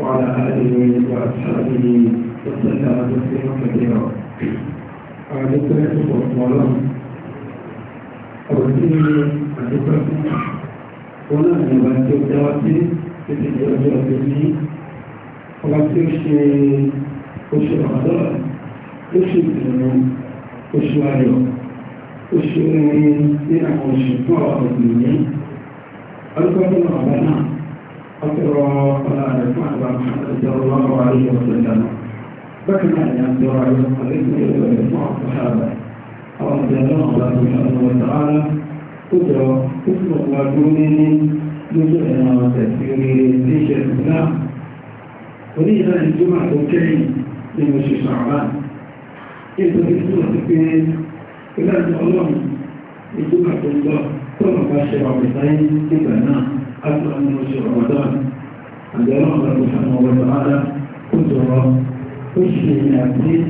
وعلى آله وأصحابه وسلم تسليما كثيرا عليكم ورحمة الله أرسلني عليكم wọn náà ní ọba tí ó dáwà sí títí di ọjọ́ ọdún ní ọba tí ó ṣe oṣù ọ̀dọ́rọ̀ oṣù ìdùnnú oṣù ayọ̀ oṣù orin ní àwọn oṣù fún àwọn ọ̀gbìn ní ọdún tó ń bá náà ọ̀pọ̀lọpọ̀ ọ̀pọ̀lọpọ̀ ọ̀pọ̀lọpọ̀ ọ̀pọ̀lọpọ̀ Bákan náà ni a ti wá yọ àlékún ìlú rẹ̀ fún àkọsáàbà. Àwọn ọ̀dẹ̀ náà wà ní ọ̀nà ọ̀tà ara. Ó jọ ó sì mọ̀ wá dúró níní lójú ẹ̀nà ọ̀tẹ̀ tí ó rí ní ìṣẹ̀lú náà. Orí ìlànà ìjọba tó kẹ́yìn ni mo ṣe sàrà. Ètò ìṣúná ti pé tó lọ ṣe ọ̀pẹ̀ sáyé nígbà náà. حتى أن يرجع رمضان عند الله سبحانه وتعالى قدرة وشي من عبده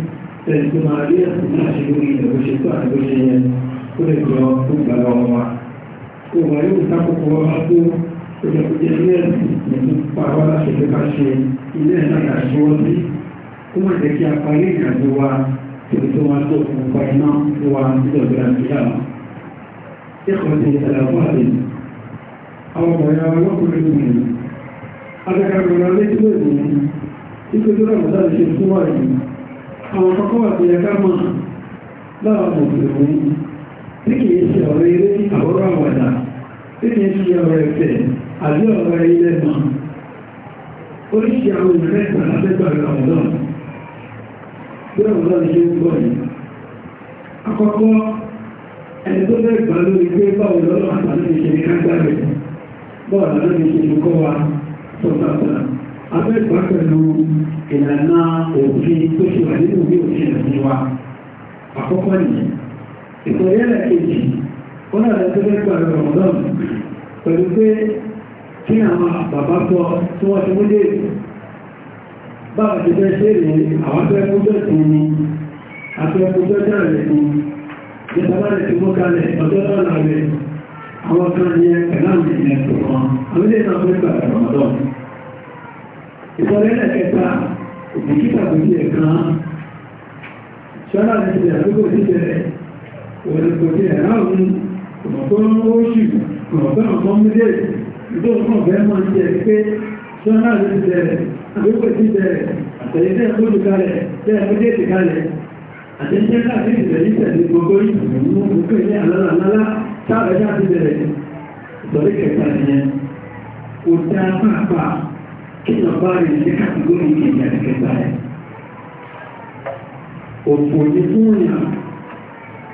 تلكم عليه تناشدين وشيطان وشيئا ولكن يوم الله وما يوثق وعده olùkùnjẹ́lẹ́ ìlú pàwọ́ láti ṣe bá ṣe ilé ìlànà àṣíwọ́sí kó mọ̀ jẹ́ kí a parí ìrìnàjò wa tòbí tó wá tó fún ọgbà iná tó wá nílò ìgbéra ìgbéyàwó. ẹ̀kọ́ ti ìtàlàwọ́ àdéhùn àwọn ọmọ ya lọ́kùnrin ní ìlú adẹ́kàrùn-ún aléjúwé ní ìpé tó rẹ̀ mọ̀tá ìṣe tó wà yìí àwọn kọ́kọ́ àti ẹ̀ká mọ̀ láwọn mọ̀tẹ̀lẹ̀ tí kìí ṣe ọ̀rẹ́ ilé àwọ́rọ̀ àwàdà tí kìí ṣe ọ̀rẹ́ ẹ̀fẹ̀ àbí ọ̀rẹ́ ilé mọ̀ oríṣi àwọn ìrẹ́ta látẹ́gbàrẹ̀ ọ̀dọ́ bí ọ̀dọ́ ìṣe ń gbọ́ yìí àkọ́kọ́ ẹni tó lẹ́gbàá lórí pé báwo lọ́lọ́ àtàlẹ́ ìṣe ní kájá rẹ̀ bọ́ọ̀lù lórí ìṣèlú kọ́ wa tó sàtà abẹ́gbà pẹ̀lú ìlànà òfin tó ṣe wà nínú bí òfin ẹ̀sìn wa àkọ́kọ́ nìyẹn ìpòyẹ́lẹ̀ kejì ó náà lọ sílẹ̀ pẹ̀lú ọ̀dọ́n pẹ̀lú pé kí àwọn bàbá sọ tí wọ́n ti mú dé báwọn ti fẹ́ ṣe rèé àwọn afẹ́kújọ́ sí ni afẹ́kújọ́ jẹ́ rẹ̀ ni ìjọba rẹ̀ ti mú kalẹ̀ ọjọ́ náà rẹ̀ àwọn tó yẹ ẹ̀láàmì ẹ̀tọ̀ kan lórí ẹ̀nà pẹ́pẹ́ àtàràmọ́dọ́ ìfọ́lẹ́lẹ̀ kẹta ìdíkítà pẹ̀lú ẹ̀kan ṣọ́lá ti ṣe àdúgbò títẹ̀ òrìkòtí ẹ̀láàmì ọ̀pọ̀n oṣù ọ̀pọ̀n ọ̀pọ̀n mílẹ̀ ìdókùn ọ̀bẹ́ máa ń jẹ́ pé ṣọ́lá ti ṣe àdúgbò títẹ̀ àtẹ̀yẹ́tẹ̀ ìfọ́jú kalẹ̀ tẹ́ ẹ̀fọ́jú ètì kalẹ̀ àtẹ̀yẹ́tẹ̀ láti sáàrẹ̀dá ti bẹ̀rẹ̀ ìtọ́lé kẹta ìyẹn kò dá pàápàá kíjọ bá rí ní kàtìgórí kejì àti kẹta ẹ̀ òpò ní fúnyà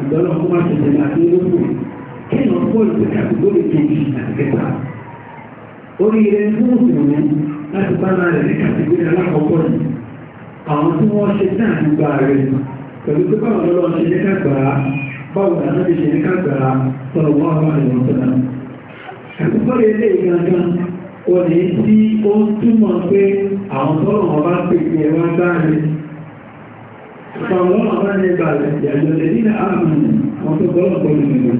ìgbọ́nà kó má tẹ̀lé àti lóko kíjọ pọ̀ ní kàtìgórí kejì àti kẹta oríire fún òṣèlú láti bá náà rẹ̀ ní kàtìgórí alákọ̀ọ́kọ́ yìí àwọn tí wọ́n ṣe náà nígbà rẹ̀ pẹ̀lú pé báwọn lọ́wọ́ ṣe ní báwo ni àjọ́ ìṣẹ́ kágbàrá sọ̀rọ̀ wọ́n àwọn àìwọ̀n tó náà àkùkọ́rẹ́ ilé ìgbàgbọ́n wọ́n ní tí ó ń túmọ̀ pé àwọn tọ́lọ̀ wọn bá pèsè ẹ̀wọ́n dáàrin Ìfàwọ́n àwọn ẹgbà ìyàjọ́ tẹ̀lé ní àmì àwọn tó bọ́lọ̀ pẹ̀lú ìlú.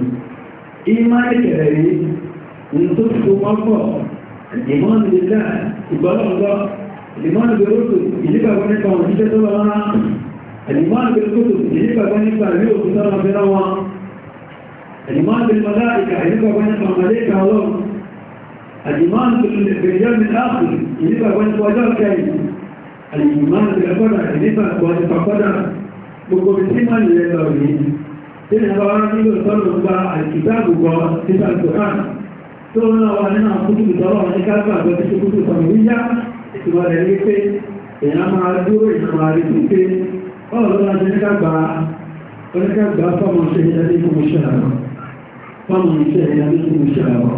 Ìmá ìkẹ̀rẹ̀ rí, ní tó ti الإيمان بالكتب يجب أن يتعليه كتاب بنوع الإيمان بالملائكة يجب أن يتعليه الله الإيمان باليوم الآخر يجب أن يتعليه الإيمان بالقدر يجب أن يتعليه بقبسيما للتوحيد إن أبعاد إلى صلى الكتاب وكتاب القرآن ثم وأننا كتب الله نكافة وكتب التنوية ثم ذلك إنما عدو إنما عدو báwo ló máa ṣe ní kágbà oníkàgbà fọ́mọ̀ ṣe ìdájí fún mi ṣàrọ̀ fọ́mọ̀ ṣe ìdájí fún mi ṣàrọ̀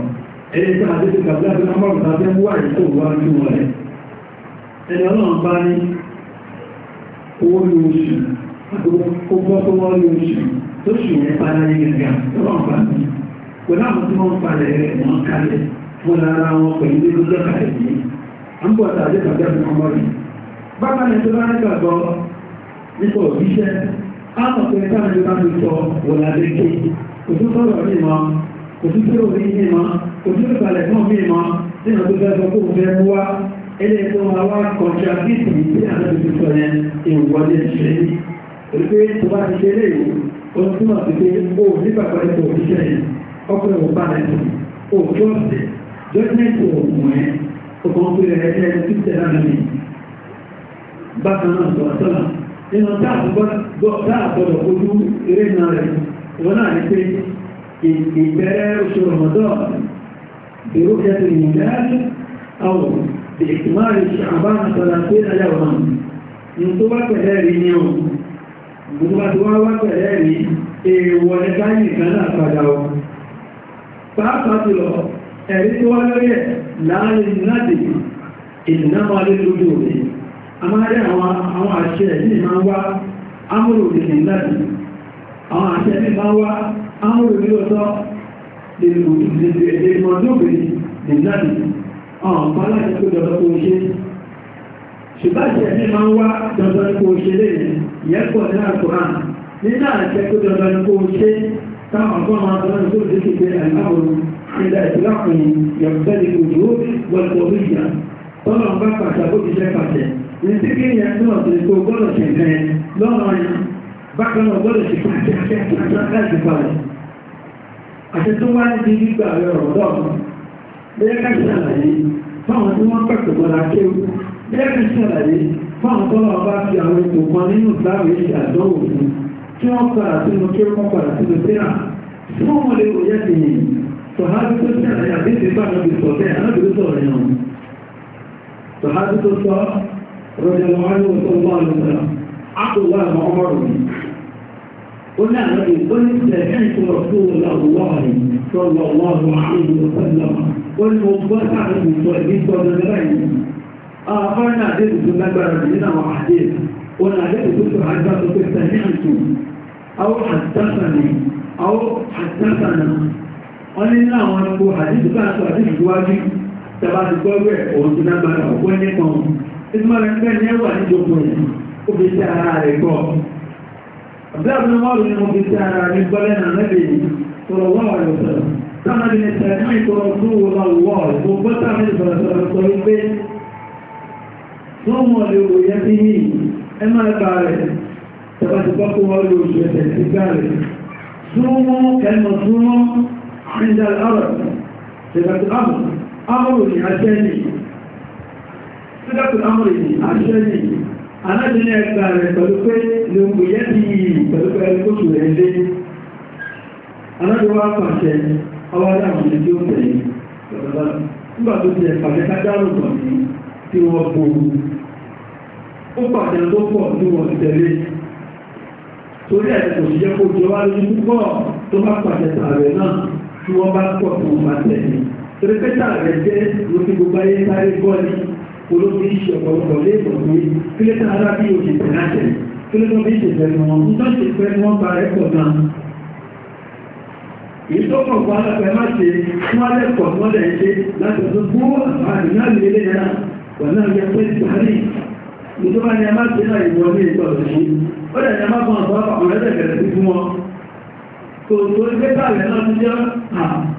ẹni tí a ti fi kàbí àti ọmọrùn tàbí wà ìtò wá ní wọn rẹ̀ ẹni ọlọ́run bá ní owó ní oṣù ó gbọ́ tó wọ́n ní oṣù tó ṣù yẹn bá láyé gẹ̀gà ọlọ́run bá ní pẹ̀lú àwọn tí wọ́n falẹ̀ rẹ̀ wọ́n kalẹ̀ fún ara wọn pẹ̀lú ní gbogbo kalẹ̀ yìí à ń bọ̀ tàbí kàbí àti ọmọrùn bákan ní tó bá ní gbàgbọ́ nípa òbíṣẹ́ káàmọ̀ pé káàmì bá mi sọ wọ̀là lẹ́kẹ́ kò tún sọ̀rọ̀ mí mọ́ kò tún tí òbí mí mọ́ kò tún ìpàlẹ̀ náà mí mọ́ nínú tó fẹ́ sọ pé òun fẹ́ mú wá ẹlẹ́ tó máa wá kọjá bí ìsìn tí àwọn ìbí sọ yẹn ìwọlé ṣe ní pé tó bá ti ṣe lè ó túmọ̀ sí pé ó nígbàgbọ́ ẹ̀kọ́ òṣìṣẹ́ yìí ọkùnrin ò bá lẹ́sìn ó jọ́ọ̀sẹ̀ jọ́ọ̀sẹ̀ òògùn ẹ̀ ọkàn pé ẹ̀ ti tẹ̀lé àmì bákan nínú dáàbọ̀dọ̀ ojú eré náà rẹ̀ wọ́n náà ní pé ìbẹ̀rẹ̀ oṣù ramadan ìró kẹtù ìyìnlẹ́ẹ̀ṣù àwọn ìtìmáàrí ṣàbánu sọ̀rọ̀ pé ayáwó náà ní tó wá pẹ̀lẹ́ rí ní ọ̀hún gbogbo bá ti wá wá pẹ̀lẹ́ rí èèwọ̀ ní káyìn kan náà padà ọ pàápàá ti lọ ẹ̀rí tó a máa rí àwọn àṣẹ ní máa wá ámúrò lèlè láti àwọn àṣẹ ní máa wá ámúrò ní ọ̀tọ́ ṣùgbáṣẹ́ ní máa wá dandan kó ṣe lè yẹ́pọ̀ ní àkùrán nínú àṣẹ kó dandan kó ṣe táwọn ọgbọ́n máa tọ́lá tó lè ṣe pé àìláwòrán ìdá ìtìláàkùn yẹ̀kùtẹ́lẹ̀ òjò wọ́n tọ́lú ìyá tọ́lọ̀ ń bá pàṣẹ bó ti jẹ́ pàṣẹ ní tí kí ìyẹn tó ọ̀sẹ̀ tó gbọ́dọ̀ ṣe fẹ́ lọ́nà yìí bákan náà gbọ́dọ̀ ṣe pàṣẹ pàṣẹ láti parẹ́ àti tó wá níbi gbígbà rẹ̀ ọ̀rọ̀ lọ́ọ̀mù bẹ́ẹ̀ ká ṣàlàyé fáwọn tí wọ́n pẹ̀tọ̀ bọ́lá kéwù bẹ́ẹ̀ ká ṣàlàyé fáwọn tọ́lọ̀ bá fi àwọn ètò kan nínú ìgbàwé ṣe àdánwò fún صحابة الصلاة رضي الله عنه وصلى الله عليه وسلم عبد الله وعمر قلنا الذي قلت سمعت رسول الله صلى الله عليه وسلم والمبتع من سؤالين والنبعين آخرنا في النبع من وحديث قلنا عدد في كنت عدد في سمعت أو حدثني أو حدثنا قلنا ونقول حديث كانت حديث جواجي tẹ̀bá ti gbọ́ rẹ̀ òun ti lágbára ọ̀pọ̀ nípa òun ìtumọ̀ rẹ̀ pẹ́ ní ẹwà ní gbogbo rẹ̀ ó fi sí ara rẹ̀ gbọ́ ọ̀bẹ́ọ̀bẹ́ wọ́n rí mo fi sí ara rẹ̀ gbọ́ lẹ́nà lẹ́bẹ̀ sọ̀rọ̀ wọ́n rẹ̀ sọ̀rọ̀ sáwọn ẹni tẹ̀lé mọ́ ìtọ́rọ̀ tó wọ lọ wọ́ mo gbọ́ sáwọn ẹni sọ̀rọ̀ sọ̀rọ̀ sọ wípé wọ́n ti gbọ́ kó súnmọ́ kẹ́mọ̀ súnmọ́ àìjà lọ́rọ̀ tẹ̀bá ti amúrù ní aṣẹ́ ní sídọ́tún amúrù ní aṣẹ́ ní alájẹ́lẹ̀ ẹgbà rẹ̀ pẹ̀lú pé lóògùn yẹ́ ti yìí pẹ̀lú pé ẹlẹ́kọ́tù rẹ̀ lé alájẹ́wà pàṣẹ ọwọ́dá àwọn ilé tí ó tẹ̀lé nígbà tó ti ẹ̀pàdé kájárò tọ̀ sí tí wọ́n bò ó pàṣẹ tó pọ̀ tí wọ́n tẹ̀lé torí ẹ̀sẹ̀ kò sí jẹ́ kó jọ wá lójú púpọ̀ tó bá pàṣẹ tààrẹ náà tí wọ́n pọ̀ tó wọ́n bá tẹ̀lé tẹ̀lẹ́pẹ́tà rẹ̀ jẹ́ lókè gbogbo ayé sáré bọ́ọ̀lì olóbi iṣẹ́ ọ̀pọ̀lọpọ̀ lẹ́ẹ̀kọ̀ pé kílẹ̀tà ara bí o ṣe tẹ̀lá tẹ̀ kílẹ̀tà bí ṣe tẹ̀lẹ̀ wọn ń tọ́ ṣe pẹ́ wọn bá rẹ̀ pọ̀ náà èyí tó kàn fún alápẹ́ má ṣe wọ́n lẹ́kọ̀ọ́ wọ́n lẹ̀ ṣe láti ọdún gbó àbáàdì náà lè lè yára wà náà yẹ pé a má ṣe náà ìwọlé ìgbà òṣèlú ó dẹ̀ a má tó torí pẹ́sàlẹ̀ náà ti jẹ́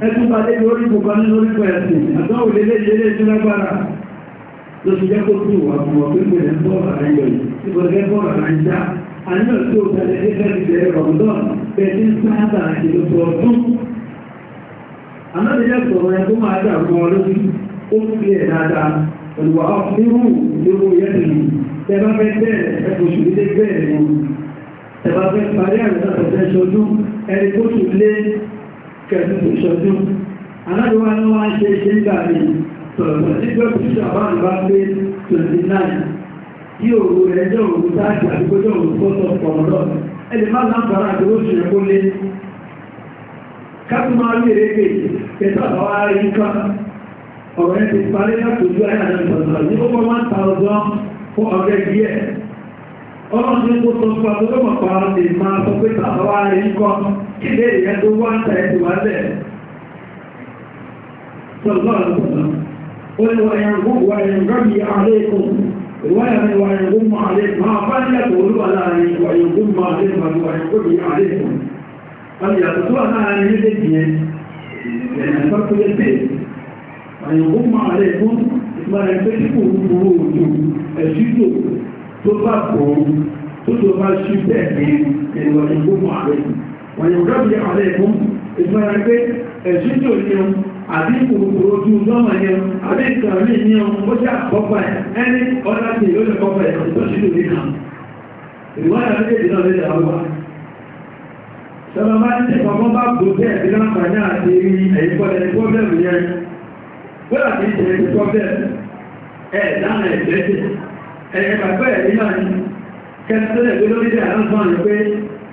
ẹkùn bá lé lórí kòkan ní lórí pẹ̀ẹ̀sì àtọ́wò lélé ilé ìjúlágbára ló ti jẹ́ kó tí wà fún ọ̀pẹ́ pẹ̀lẹ̀ bọ́ọ̀rọ̀ àyẹ̀yẹ̀ tí bọ̀rẹ̀ bọ́ọ̀rọ̀ àyíjá àníyàn tí ó tẹ̀lé ẹgbẹ́ ìbẹ̀rẹ̀ rọ̀mọ́dọ́n bẹ̀ẹ̀ tí ń sáábà àti lóṣù ọdún àmọ́dé jẹ́ sọ̀rọ̀ ẹ tó máa dà fún ọ lójú ó fi ẹ̀ dáadáa olùwà ọ̀ nírú lórí yẹ́tìlì tẹ́ bá fẹ́ bẹ́ẹ̀ ẹ ẹ̀bá fẹ́ parí àrẹ́sàtọ̀fẹ́ ṣojú ẹni tó tún lé kẹtùtù ṣojú aláàrẹ̀wà ní wọ́n ṣe ṣe ń gbà ní sọ̀rọ̀ sí pé píṣọ àbáàrùn bá pé 29 tí òru ẹjọ́ òru táàkì àdúgbójọ́ òru fọ́tọ̀ pọ̀mọ́dọ̀ ẹni má láǹfààrà àti ó ṣe kó lé káàkiri máa rí èrèkè kẹta àwọn arí kan ọ̀rọ̀ ẹ̀ ti parí látòjú ayé àjọ ìtọ̀tọ̀ ní ó mọ́ 1000 ọlọ́run tó tó fún ọdún lọ́mọ̀ pa lè máa sọ pé tàbá ilé ìyẹ́ tó wá ń ta ẹ̀tù wá lẹ̀ Àyànwó máa rẹ̀ fún ìgbàrẹ̀ pé kíkò rúrú òjò ẹ̀ṣíjò tó bá kó tó tó bá ṣí bẹ́ẹ̀ ní èèwọ̀ ìgbóhùn ààrẹ wọ́n yóò rẹ́bí ààrẹ ìgbó ìgbára pé ẹ̀sí tó yẹun àbí kòkòrò ojú lọ́mọ yẹn àbí ìtàn ní ní ọmọ ó ṣe àkọ́kọ́ ẹ̀ ẹni ọ̀dà tí yóò lè kọ́kọ́ ẹ̀ ìtọ́sí tó ní kan ìwọ́n yà méjèèjì náà lè dàrú wa sọ̀rọ̀ máa ń tẹ̀kọ̀ mọ́ bá gbò bẹ́ẹ̀ bí láǹfààní àti ẹ̀yìn pọ̀lẹ̀ pọ́blẹ̀mù yẹn wọ́n àti ìtẹ̀yìn pọ́blẹ̀mù ẹ̀ dáhùn ẹ̀ ẹ̀yẹ pàpẹ́ ẹ̀rí náà ni kẹsílẹ̀ tó lórí ìdí àdánsọ́ rẹ̀ pé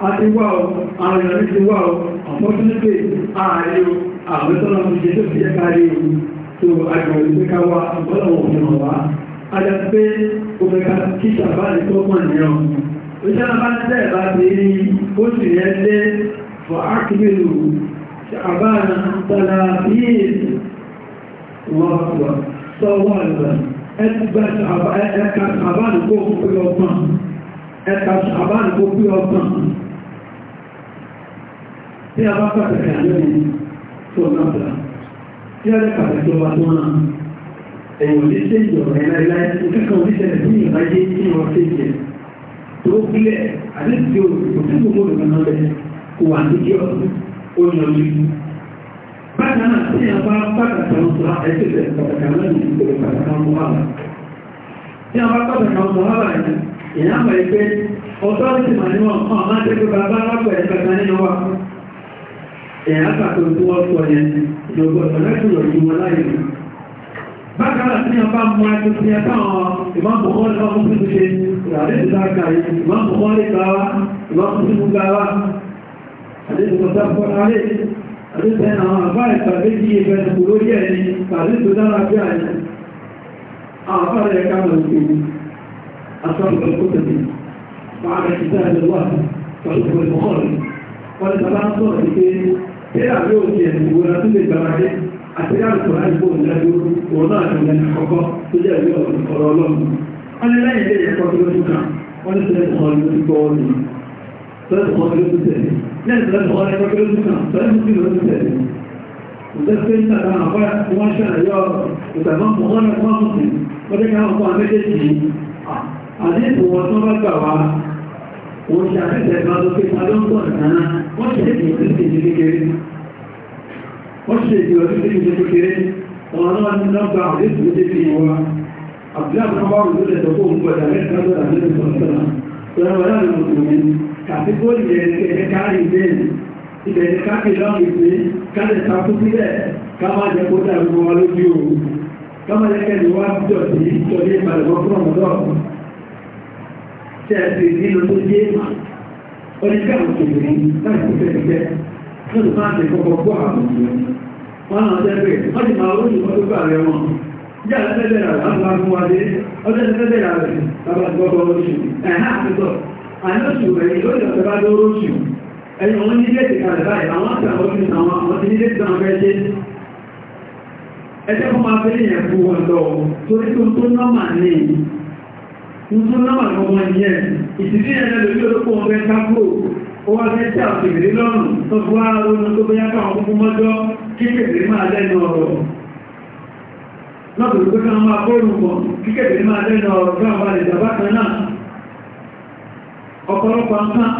a ti wá o àwọn ìrọ̀lẹ́ ti wá o ọ̀pọ̀túnlẹ́pẹ̀ ààrẹ o àwọn tọ́lá mú ṣe tó fi ẹ́ kárí o tó agbẹ̀rẹ̀ pé ká wá ọ̀pọ̀lọpọ̀ òfin ọ̀wá ajá pé obìnrin kí sàbá lè tó pọ̀ nìyàn òṣèlú bá ń tẹ́ bá ti rí ó sì yẹ sọ́wọ́ àgbà ẹ̀ka ṣàbánìkó pín ọgbọ̀n ẹ̀ka ṣàbánìkó pín ọgbọ̀n tí a bá pàtàkì àlẹ́yìn tó náà tí a lè pàtàkì ọba tó náà ẹ̀yìn ní ṣe ìjọba ẹ̀láìláì ìkẹ́kọ̀ọ́ oníṣẹ́lẹ̀ tí ìráyé tí wọ́n ṣe jẹ tó kílẹ̀ àdéhùn tí ó kò tí gbogbo olùgbọ̀n náà bẹ̀ kò wà ní kí ọ̀rọ̀ ó yànjú náà tí a bá pàtàkì ọ̀sán ẹgbẹ̀rẹ̀ pàtàkì lẹ́yìn ìgbèrè pàtàkì ọmọlára tí a bá pàtàkì ọmọlára yìí apa mọ̀ ẹgbẹ́ ọ̀tọ́ ti mà níwọ̀n kan máa jẹ́ pé bàbá alápọ̀ ẹ̀kẹta nínú wa ẹ̀yà pàtó tí wọ́n sọ yẹn lọ́gbọ̀n ọ̀lẹ́kùnrin yìí wọn láyé bákan àti ọba mú ẹtù sí ẹ̀ta àwọn ìmọ̀bùkọ́ ní ọmọ tó ṣe àdéjìdáka ìmọ̀bùkọ́ ní yang ìmọ̀bùkọ́ ní gbáwá àdéjìdáka àdúgbẹ́ àwọn àbá ìpàdé tí ìfẹ́ ẹ̀kù ẹni tàbí tó dára bí àyà àwọn àbá rẹ̀ ká àti láàrùkọ̀ láì bó ìlẹ́gbó òun náà ti lẹ́nu tó jẹ́ ìwé ọ̀rọ̀ ọlọ́run wọ́n ní lẹ́yìn ilé ẹ̀kọ́ tó lójú kan wọ́n ní sílẹ̀ ìkọlù tó ọ̀rọ̀ ثلاث مواجهات بالتالي يعني ثلاث مواجهات بالتالي ثلاث مواجهات بالتالي وده السنة كان عبارة قماشة عيار وتمام kàtíkórì ẹ̀ẹ́kẹ́ káàrí ìbéèrè ìbẹ̀rẹ̀ káàkiri lọ́rùn ìpé káàlẹ̀ sàkú sílẹ̀ káàmà jẹ́ kó dàrú wọn lójú òru káàmà jẹ́ kẹ́lì wá jọ sí ìtọ́lé ìbàlẹ̀wọ́ fún ọmọdé ọ̀pọ̀ tẹ́ẹ̀sì nínú tó yé mà oníkà òkèèrè láti kó fẹ́ẹ̀ fẹ́ lọ́dún máa ti kọ́kọ́ bọ́ àwọn ọmọdé wọn náà jẹ́ pé wọ́n ti máa lóyún ọdún bá rẹ̀ wọn jẹ́ àtẹ́lẹ̀ rẹ̀ àwọn àwọn àwọn adé ọjọ́ àìlọ́sù ìbẹ̀rẹ̀ lórí ọ̀sẹ̀ bá lóró jù ẹni wọ́n ní ilé ìkàlẹ̀ báyìí àwọn àtàwọn ọdún àwọn àwọn ti nílé ìtàn fẹ́ jẹ́ ẹjẹ́ fún máa fẹ́ yẹn fún wọn lọ torí tó tó nọ́mà ní tó nọ́mà gbọmọ yẹn ìtìsí yẹn lọ lórí olóko wọn fẹ́ kápò ó wá fẹ́ tí àwọn ìbèrè lọ́rùn tó fún wa ronú tó bóyá káwọn kúkú mọ́jọ́ kíkèkèrè máa lẹ́nu ọ̀rọ̀ lọ́dún tó kí wọ́n máa bóòrùn kan kíkèkèrè máa lẹ́nu ọ̀rọ̀ ọ̀pọ̀lọpọ̀ nǹkan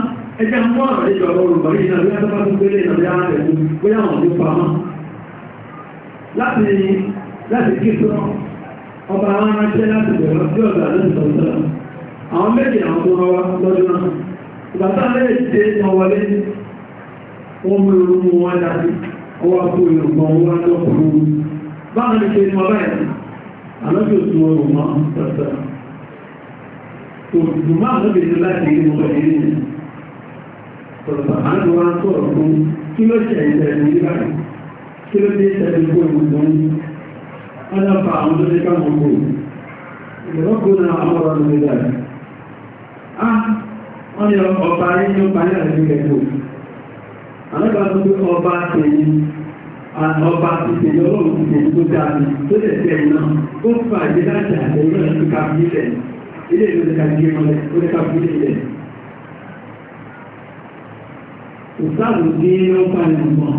ẹjẹ́ mú ọ̀rọ̀ ìjọ olùgbọ̀n yìí náà bí wọ́n tó bá tún gbélé ìrọ̀lẹ́ àwọn ẹ̀kú bóyá wọn ló pamọ́ láti láti kí tó ọba àwọn aránṣẹ́ láti bẹ̀rẹ̀ sí ọ̀gá lóṣù tọ̀tọ̀ àwọn méjì àwọn tó wá lọ́dún náà ìgbà tá a lè dé wọn wọlé wọn mú irú mu wọn dàbí ọwọ́ kó ìrùgbọ̀n wọn lọ́kùnrin báwọn ní ṣe mọ báyìí àlọ́jọ́ tó wọn rò mọ́ tọ̀tọ̀ òdùmá àlóbìnrin láti ilé mọ̀ ìlú ọ̀pọ̀ àwọn wa ń sọ̀rọ̀ fún kí ló ṣe ìṣẹ̀lẹ̀ ní ìbáyìí kí ló ṣe ìṣẹ̀lẹ̀ fún ìwòsàn alábà àwọn tó ṣe káwọn kò ìrọ́gbọ́n náà àwọn ọ̀rọ̀ lórí dáa ah wọ́n ni ọba yìí ló parí àti kẹ́kọ̀ọ́ alábà tó gbé ọba tẹ̀yìn ọba ti tẹ̀yìn ọlọ́run ti tẹ̀yìn tó dáa tó tẹ̀ tẹ̀yìn náà ó fà ilé ìlú ká gé mọ́lẹ̀ ó ní ká fún ilé ìsáàbù ní ló pa ẹnu gbọ̀n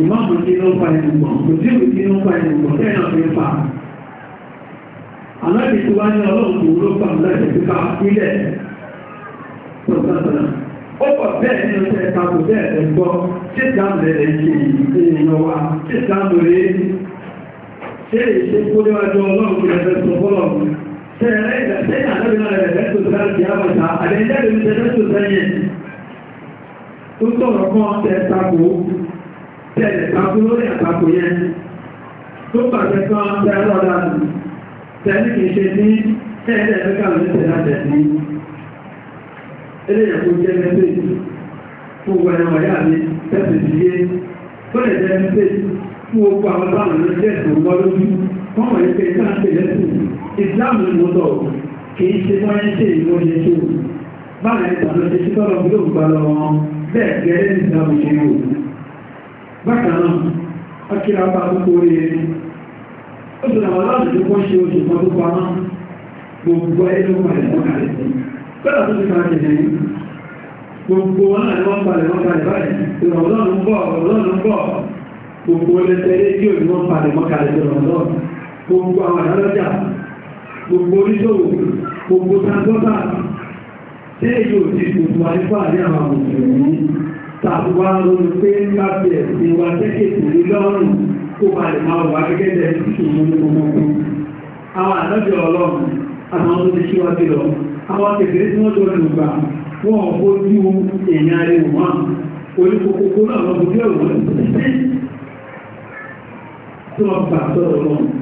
ìmáàmù ní ló pa ẹnu gbọ̀n òjìlù ní ló pa ẹnu gbọ̀n kẹ́yìn àfi fà aláàbí tó wá ní ọlọ́run tó ló pa ọ̀lẹ́sẹ̀ tó ká ilẹ̀ tọ̀tọ̀tọ̀ ó pọ̀ bẹ́ẹ̀ ní ọjọ́ ẹ̀ka kò bẹ́ẹ̀ ẹ̀ gbọ́ ṣé ìdáhùn rẹ̀ lè ṣe ìyẹn wa ṣé ìdáhùn rẹ̀ ṣé ìṣe kó níwájú ọlọ́run kò lè fẹ́ sọ fọ́lọ́run tẹ̀rẹ̀ ìgbẹ̀sẹ̀ ìrìnàlẹ́bìnà rẹ̀ lẹ́tò sáà kìí àmàta àdẹ́jẹ́ lè tẹ́ lẹ́tò sẹ́yìn tó tọ̀rọ̀ kan tẹ́ tako tẹ́lẹ̀ tako lórí àtakò yẹn tó pàṣẹ kan tẹ́ lọ́dà tẹ́lẹ̀ kìí ṣe ní tẹ́lẹ̀ ẹ̀fẹ́kà lórí tẹ́lẹ̀ tẹ́ sí eléyà kó jẹ́ mẹ́sẹ̀ fún gbẹ̀rẹ̀ wọ̀nyá mi tẹ́sẹ̀ sí yé tó lè jẹ́ mẹ́sẹ̀ fún gbogbo àwọn táwọn lórí tẹ́sẹ̀ wọ́n mọ̀ ẹgbẹ́ ìsáǹtẹ̀ lẹ́sìn ìsìláàmù ni mo sọ kìí ṣe wọ́n ń ṣe ìwọ́n ṣe tó báyìí ìtàlọ́ ṣe títọ́ lọ bí ó gbà lọ wọn bẹ́ẹ̀ gẹ́rẹ́ ní ìsìláàmù ṣe yóò bákan náà akíra bá gbogbo rí ẹni ó sì làwọn aláàbò tó kọ́ ṣe oṣù kan tó pamọ́ gbogbo ẹni tó palẹ̀ mọ́ kalẹ̀ sí bẹ́ẹ̀ tó ti kalẹ̀ jẹ̀ ní gbogbo wọn náà ni wọ́n palẹ̀ mọ́ kalẹ̀ báyìí ìrọ̀lọ́run bọ̀ ìrọ̀lọ́run bọ̀ gbogbo ẹlẹ́sẹ̀ rédíò ni wọ́n palẹ̀ mọ́ kalẹ̀ sí gbogbo àwọn àlọ́jà gbogbo oníṣòwò gbogbo sàgbọ́ta tí èyí ò ti gbogbo àyíká ní àwọn òṣèlú tàbíwá lórí pé láti ẹ̀sìn wa tẹ́kẹ̀tì ní lọ́rùn kó bá lè máa wà gẹ́gẹ́ jẹ́ ìṣòro ní gbogbo àwọn àlọ́jà ọlọ́run àwọn tó ti ṣíwájú lọ àwọn kẹfẹ́ tí wọ́n tó lù gbà wọ́n fojú èèyàn rẹ̀ wọ́n orí kòkòkò náà lọ́gbọ́n tí ó wọ́n ti sí tí wọ́n gbà sọ́rọ̀ lọ́rùn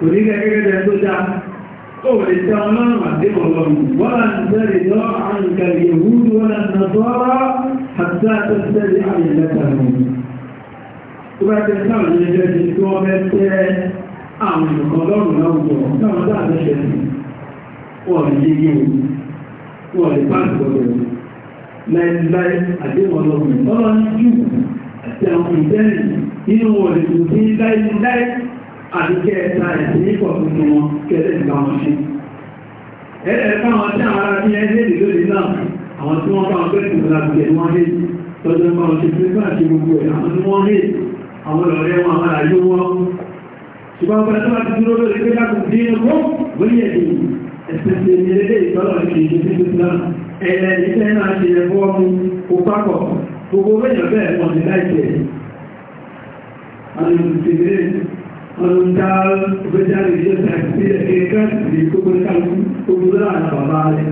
kò ní gẹ́gẹ́gẹ́ tó dá ó lè tẹ́ ọlọ́run àti ọlọ́run wọ́n láti tẹ́rì lọ àǹkà ìyẹ̀wúdú wọ́n láti nàtọ́rọ́ àti àti tẹ́rì àyẹ̀lẹ́ta rẹ̀ tó bá tẹ́ sáwọn ìyẹ̀jẹ́ ti tó ọmọ ẹgbẹ́ àwọn ọlọ́run láwùjọ táwọn dáadé ṣẹlẹ̀ wọ́n lè yé yé wọ́n lè pàṣẹ ọ̀rọ̀ láìláì àdéhùn ọlọ́run ọlọ́run jù àti àwọn ìtẹ́rì nínú wọ̀lẹ̀ tó fi láìláì àti kẹ́ ẹ̀ta ẹ̀sìn ní pọ̀ tuntun wọn kẹ́lẹ̀ ìgbà wọn ṣe. ẹ̀rẹ̀ fáwọn tí àwọn ará bí ẹgbẹ́ ìlú lè náà àwọn tí wọ́n fáwọn pẹ́ẹ̀tù láti ẹ̀ wọ́n rí tọ́jú ọmọ ọ̀ṣẹ́ tí wọ́n ti gbogbo ẹ̀ àwọn tí wọ́n rí àwọn ọ̀rẹ́ wọn àwọn àyó wọn. ṣùgbọ́n ọgbà tó bá ti dúró lórí pé láti dé ẹ̀kọ́ lórí ẹ̀dẹ̀ ẹ̀sẹ̀sẹ̀ ní eré ìtọ́lọ̀ ní ìṣe tí tó tán ẹ̀rẹ̀ ìfẹ́ náà ṣe ẹ̀kọ́ ọmú kó pápọ̀ gbogbo mẹ́yàn bẹ́ẹ̀ wọ́n ti láìpẹ́ ọlọ́dá ìgbẹ́jáde ilé ìsàkílẹ̀ kéèkéé káàkiri gbogbo káàkiri gbogbo láàrín bàbá rẹ̀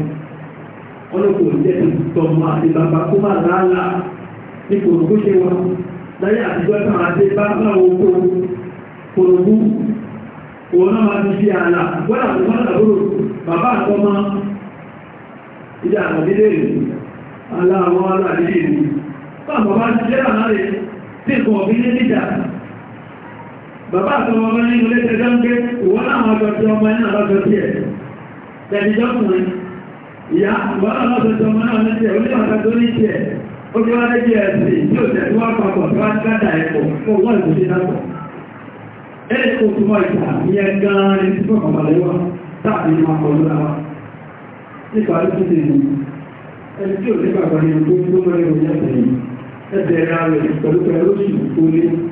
ọlọ́pọ̀ jẹ́ ìtọ̀mọ̀ àti bàbá kó máa láàlá ní kòrògbó ṣe wọn láyé àtijọ́ tán àti bá láwọn oko kòrògbó òun náà máa ti fi àlà wọ́n àti wọ́n àbúrò bàbá bàbá àtọmọ ọmọ ní ilé tẹjọ ń gbé ìwọ́n láwọn ọjọ́ tí ọmọ iná lọ́jọ́ tí ẹ̀ tẹ̀lẹ́jọ́ kùnrin ìyá ìwọ́n láwọn ọjọ́ tí ọmọ náà ní tiẹ̀ oníwàtà tó ní tiẹ̀ ó ti wá lẹ́jọ́ ẹ̀sìn tí ó tẹ̀ tí wá papọ̀ tí wá gádà ẹ̀kọ́ fún ọwọ́ ìbòsí dápọ̀ ẹ̀rẹ́ kò túnmọ̀ ìta ìyẹn gan-an ní tí wọ́n kọ̀ọ̀lẹ́ wá tàbí máa kọ̀ lóra wa nípa lókè tẹ̀ ní ẹni tí ò ní bàbá ní ọdún tó mẹ́rin òyìn ẹ̀sìn ẹ̀bẹ̀rẹ̀ rẹ̀ pẹ̀lú pẹ̀lú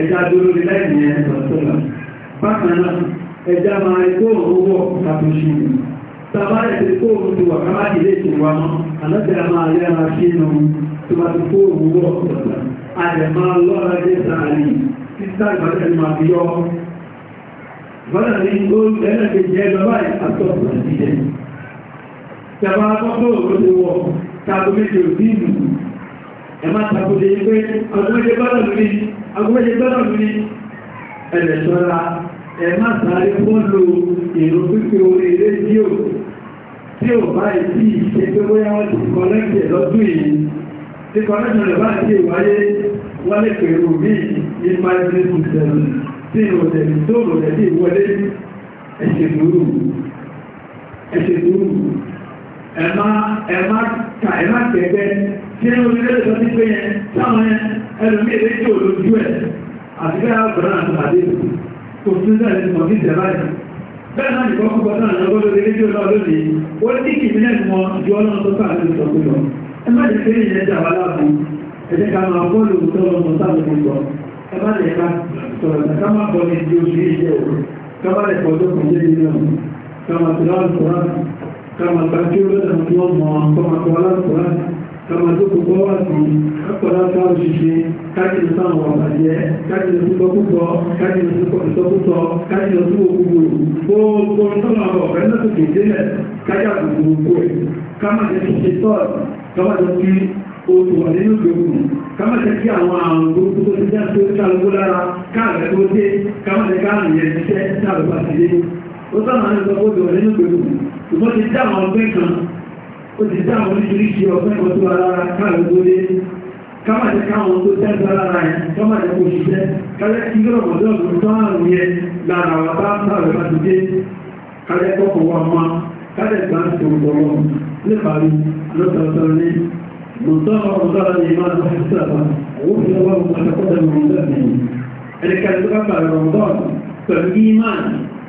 ẹja dúró ní lẹ́yìn ẹ̀ lọ́sọ́lá bákan náà ẹja máa ikó owó tàbí ṣe tàbáyé ti kó òun ti wà káwá ilé ìṣòwò àmọ́ àlọ́tẹ̀ a máa yára ṣe nù tó bá ti kó òun wọ̀ ọ̀sọ̀lá a lè máa lọ́ra jẹ́ sàárì títà ìbàdàn máa fi yọ bọ́dà ní góòlù ẹlẹ́gbẹ̀jẹ́ ẹgbẹ̀bá àtọ́sọ̀ ìdíjẹ́ tẹ̀bá akọ́kọ́ òun wọ̀ tàbí méjì òbí ìlú ẹ̀ máa tàbí agbóṣe gbọ́dọ̀ ní ẹ̀lẹ̀ṣọ́ra ẹ má sáré fún lo èrò pípẹ́ orí rédíò tí ò bá ìdí ìṣe pé bóyá wọ́n ti kọ́lẹ́kì lọ́dún yìí tí kọ́lẹ́kì rẹ̀ bá ti wáyé wọ́n lè pèrò mí ní five minutes seven tí ìrọ̀lẹ́bí tó ìrọ̀lẹ́bí wọlé ẹ̀ṣẹ̀ dúró ẹ̀ṣẹ̀ dúró ẹ̀má ẹ̀má kẹ̀kẹ́ tí ó lè lọ́dún pé yẹn táwọn yẹn ẹlòmí èdè tí ò lójú ẹ̀ àti bẹ́ẹ̀ àgbọ̀nà àti àdé kò tún sẹ́lẹ̀ ní ọdún ìjẹba yìí bẹ́ẹ̀ náà nìkan púpọ̀ náà lọ́wọ́ lórí rédíò náà lónìí ó ní kì í lẹ́nu wọn ju ọlọ́run tó kà lórí ìsọ̀kú lọ ẹ má lè fẹ́ ìyẹn jà wá láàbù ẹ jẹ́ ká máa bọ́ọ̀lù tó lọ́mọ sáàbù gbogbo ẹ má lè ká sọ̀rọ̀ ká má bọ́ ní ju oṣù iṣẹ́ òru ká má lè pọ̀jọ́ kan jẹ́ kama tó kò bọ́ wá sí kápọ̀láta òṣìṣẹ́ káàkiri sáwọn àbàjẹ́ káàkiri síkọ́ púpọ̀ káàkiri síkọ́ ìsọpútọ̀ káàkiri síkọ́ gbogbo gbogbo tọ́lá ọ̀fẹ́ lọ́tọ̀ kéjìlẹ̀ kájà gbogbo ẹ̀ kámà jẹ́ ṣe tọ́ọ̀ kámà jẹ́ kí oṣù wà nínú gbogbo kámà jẹ́ kí àwọn àrùn gbogbo tó ti jáde tó ṣàlùkó lára káàrẹ̀ tó dé kámà jẹ́ káàrùn yẹn ṣiṣẹ́ sáàlùkó àti ó ti dá àwọn oríṣiríṣi ọ̀fẹ́ kan tó wà lára káàlù gbólé kámàdé káwọn tó tẹ́gbà lára ẹ̀ kámàdé kò ṣiṣẹ́ kálẹ́ kí lọ́rọ̀ mọ̀dọ́ tó àrùn yẹn lára wà bá sáré bá ti dé kálẹ́ kọ́kọ́ wà má kálẹ́ gbà ń tó gbọ́rọ̀ níparí lọ́sọ̀ọ̀sọ̀ ní mọ̀tọ́ ọ̀rọ̀ ní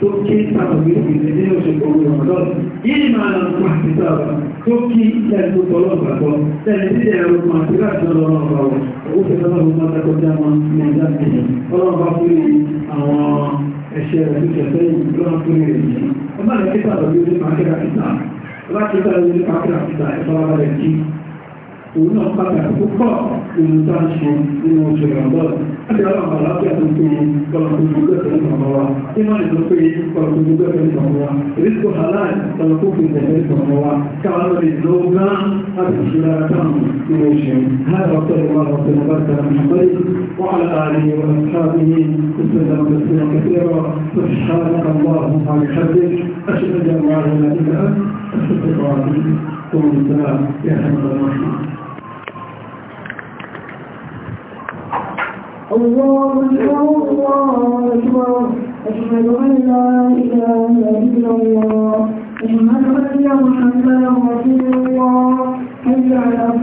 tó kí sàtọ̀gbé ìrìnlẹ̀ oṣù ọ̀rọ̀ yìí máa lọ fún àtìsá tó kí lẹ́ẹ̀kú tọ́lọ̀ ìgbàgbọ́ lẹ́ẹ̀ni tí ẹ̀rọ máa ti láti lọ́rọ̀ ọ̀rọ̀ owó fẹ́lẹ́ lọ́rọ̀ máa tẹ́kọ́ já máa ní ẹ̀dá sí ọlọ́run bá fún àwọn ẹ̀ṣẹ̀ rẹ̀ tó kẹfẹ́ yìí lọ́rọ̀ fún rẹ̀ yìí ọmọ rẹ̀ kí sàtọ̀gbé oṣù máa kẹ́ra òun náà pàtàkì púpọ̀ nínú tá a ṣe nínú oṣù ìrànlọ́ láti ara àwọn aláàbíà tó tó kọlọ̀kùnrin gbẹ̀fẹ̀ ní ọmọ wa tí wọ́n lè sọ pé kọlọ̀kùnrin gbẹ̀fẹ̀ ní ọmọ wa èyí tó halal kọlọ̀kùnrin gbẹ̀fẹ̀ ní ọmọ wa káwọn lọ lè lọ gán láti ṣe lára táwọn nínú oṣù هذا وصلى الله وسلم وبارك على محمد وعلى اله واصحابه وسلم تسليما كثيرا سبحانك اللهم وبحمدك اشهد ان لا اله الا انت استغفرك واتوب اليك قوم بالسلام يا حمد الله الله الله أكبر أشهد أن لا إله إلا الله أشهد أن محمدا رسول الله حي على